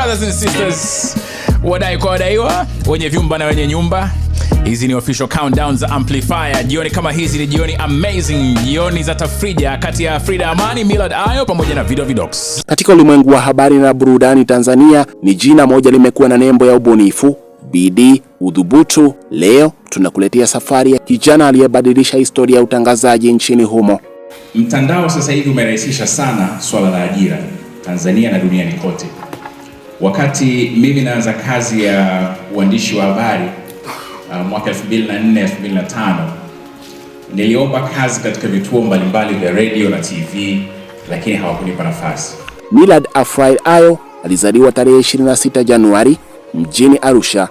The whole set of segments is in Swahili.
brothers and sisters wadai kwa wadaiwa wenye vyumba na wenye nyumba hizi ni official countdown za amplifier jioni kama hizi ni jioni amazing jioni za tafrija kati ya frida amani milad ayo pamoja na video vidox katika ulimwengu wa habari na burudani tanzania ni jina moja limekuwa na nembo ya ubunifu bidii udhubutu leo tunakuletea safari ya kijana aliyebadilisha historia ya utangazaji nchini humo mtandao sasa hivi umerahisisha sana swala la ajira tanzania na duniani kote Wakati mimi naanza kazi ya uandishi wa habari uh, mwaka 2004 2005, niliomba kazi katika vituo mbalimbali vya radio na TV, lakini hawakunipa nafasi. Millard Afrail Ayo alizaliwa tarehe 26 Januari mjini Arusha.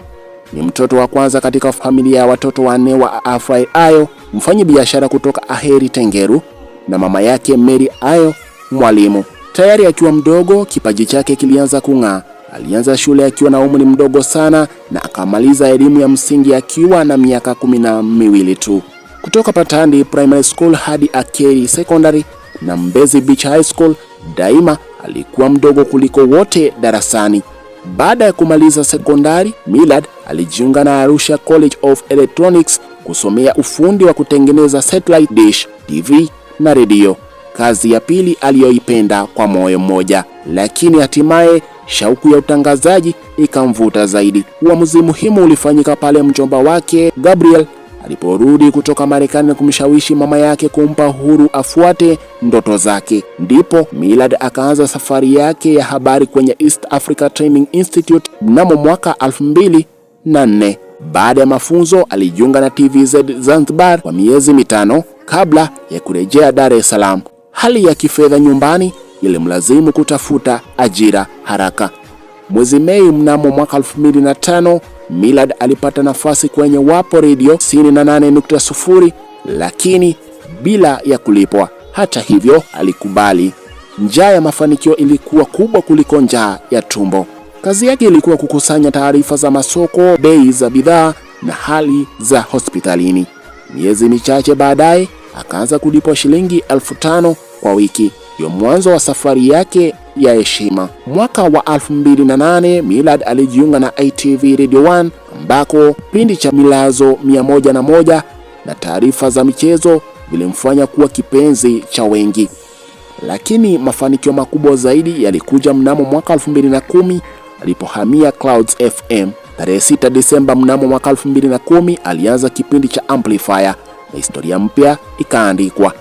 Ni mtoto wa kwanza katika familia ya watoto wanne wa Afrail Ayo, mfanyabiashara kutoka Aheri Tengeru, na mama yake Mary Ayo, mwalimu. Tayari akiwa mdogo, kipaji chake kilianza kung'aa. Alianza shule akiwa na umri mdogo sana na akamaliza elimu ya msingi akiwa na miaka kumi na miwili tu. Kutoka Patandi Primary School hadi Akeri Secondary na Mbezi Beach High School, daima alikuwa mdogo kuliko wote darasani. Baada ya kumaliza sekondari, Millard alijiunga na Arusha College of Electronics kusomea ufundi wa kutengeneza satellite dish, TV na redio kazi ya pili aliyoipenda kwa moyo mmoja, lakini hatimaye shauku ya utangazaji ikamvuta zaidi. Uamuzi muhimu ulifanyika pale mjomba wake Gabriel aliporudi kutoka Marekani na kumshawishi mama yake kumpa uhuru afuate ndoto zake. Ndipo Millard akaanza safari yake ya habari kwenye East Africa Training Institute mnamo mwaka 2004. Baada ya mafunzo alijiunga na TVZ Zanzibar kwa miezi mitano kabla ya kurejea Dar es Salaam hali ya kifedha nyumbani ilimlazimu kutafuta ajira haraka. Mwezi Mei mnamo mwaka 2005 Millard alipata nafasi kwenye Wapo Radio 98.0 lakini bila ya kulipwa. Hata hivyo, alikubali. Njaa ya mafanikio ilikuwa kubwa kuliko njaa ya tumbo. Kazi yake ilikuwa kukusanya taarifa za masoko, bei za bidhaa na hali za hospitalini. Miezi michache baadaye akaanza kulipwa shilingi elfu tano kwa wiki. Ndio mwanzo wa safari yake ya heshima. Mwaka wa 2008 Millard alijiunga na ITV Radio 1 ambako kipindi cha Milazo 101 na, na taarifa za michezo vilimfanya kuwa kipenzi cha wengi, lakini mafanikio makubwa zaidi yalikuja mnamo mwaka 2010 alipohamia Clouds FM. Tarehe 6 Desemba mnamo mwaka 2010 alianza kipindi cha Amplifier na historia mpya ikaandikwa.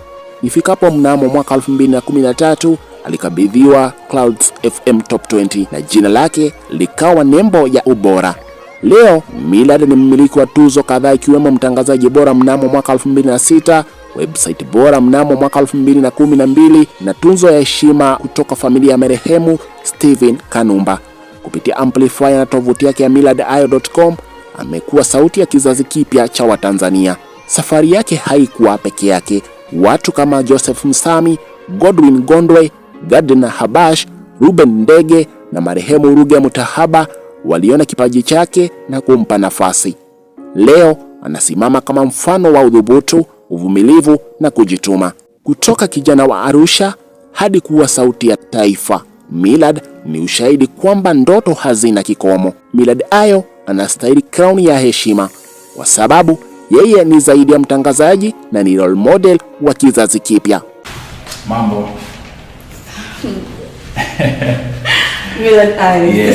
Ifikapo mnamo mwaka 2013 alikabidhiwa Clouds FM Top 20 na jina lake likawa nembo ya ubora. Leo Millard ni mmiliki wa tuzo kadhaa ikiwemo mtangazaji bora mnamo mwaka 2006, website bora mnamo mwaka 2012 na tunzo ya heshima kutoka familia ya marehemu Steven Kanumba. Kupitia amplifier na tovuti yake ya millardayo.com amekuwa sauti ya kizazi kipya cha Watanzania. Safari yake haikuwa peke yake, Watu kama Joseph Msami, Godwin Gondwe, Gardner Habash, Ruben Ndege na marehemu Ruge Mutahaba waliona kipaji chake na kumpa nafasi. Leo anasimama kama mfano wa udhubutu, uvumilivu na kujituma. Kutoka kijana wa Arusha hadi kuwa sauti ya taifa, Millard ni ushahidi kwamba ndoto hazina kikomo. Millard Ayo anastahili crown ya heshima kwa sababu yeye ni zaidi ya mtangazaji na ni role model wa kizazi kipya. Mambo. Uh, mm.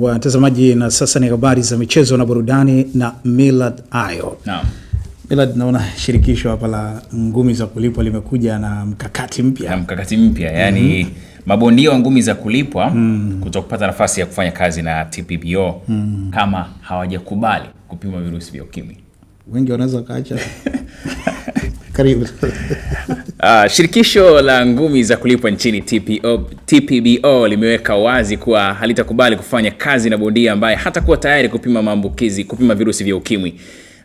Watazamaji, na sasa ni habari za michezo na burudani na Millard Ayo. Naam. Bila naona shirikisho hapa la ngumi za kulipwa limekuja na mkakati mpya, mkakati mpya yani mm -hmm. mabondia wa ngumi za kulipwa mm -hmm. kuto kupata nafasi ya kufanya kazi na TPBO mm -hmm. kama hawajakubali kupima virusi vya ukimwi. Wengi wanaweza kaacha karibu Uh, shirikisho la ngumi za kulipwa nchini TPO, TPBO limeweka wazi kuwa halitakubali kufanya kazi na bondia ambaye hatakuwa tayari kupima maambukizi, kupima virusi vya ukimwi.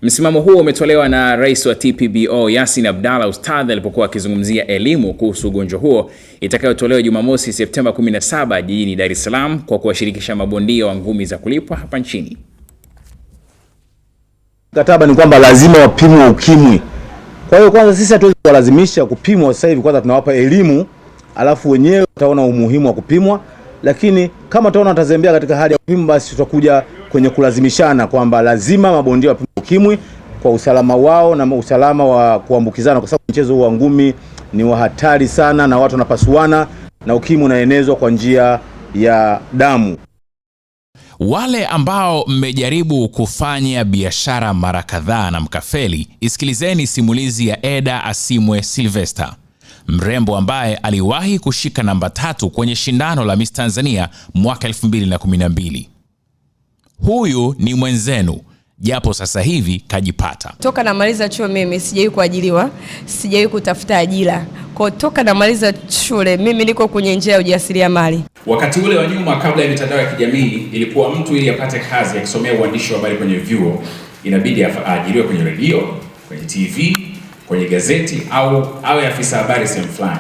Msimamo huo umetolewa na rais wa TPBO Yasin Abdalla Ustadh alipokuwa akizungumzia elimu kuhusu ugonjwa huo itakayotolewa Jumamosi Septemba 17 jijini Dar es Salaam kwa kuwashirikisha mabondia wa ngumi za kulipwa hapa nchini. Mkataba ni kwamba lazima wapimwe UKIMWI. Kwa hiyo kwanza sisi hatuwezi kuwalazimisha kupimwa sasa hivi, kwanza tunawapa elimu, alafu wenyewe wataona umuhimu wa kupimwa, lakini kama taona watazembea katika hali ya kupimwa, basi tutakuja kwenye kulazimishana kwamba lazima mabondia wapime ukimwi kwa usalama wao na usalama wa kuambukizana, kwa sababu mchezo huu wa ngumi ni wa hatari sana na watu wanapasuana na ukimwi unaenezwa kwa njia ya damu. Wale ambao mmejaribu kufanya biashara mara kadhaa na mkafeli, isikilizeni simulizi ya Eda Asimwe Silvester, mrembo ambaye aliwahi kushika namba tatu kwenye shindano la Miss Tanzania mwaka 2012 huyu ni mwenzenu japo sasa hivi kajipata. Toka namaliza chuo mimi sijawahi kuajiliwa, sijawahi kutafuta ajira. Kwa toka namaliza shule mimi niko kwenye njia ya ujasiriamali. Wakati ule wa nyuma, kabla ya mitandao ya kijamii, ilikuwa mtu ili apate kazi akisomea uandishi wa habari kwenye vyuo inabidi aajiriwe kwenye redio, kwenye TV, kwenye gazeti au awe afisa habari sehemu fulani,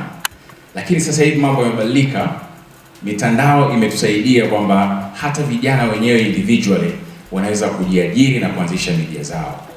lakini sasa hivi mambo yamebadilika mitandao imetusaidia kwamba hata vijana wenyewe individually wanaweza kujiajiri na kuanzisha media zao.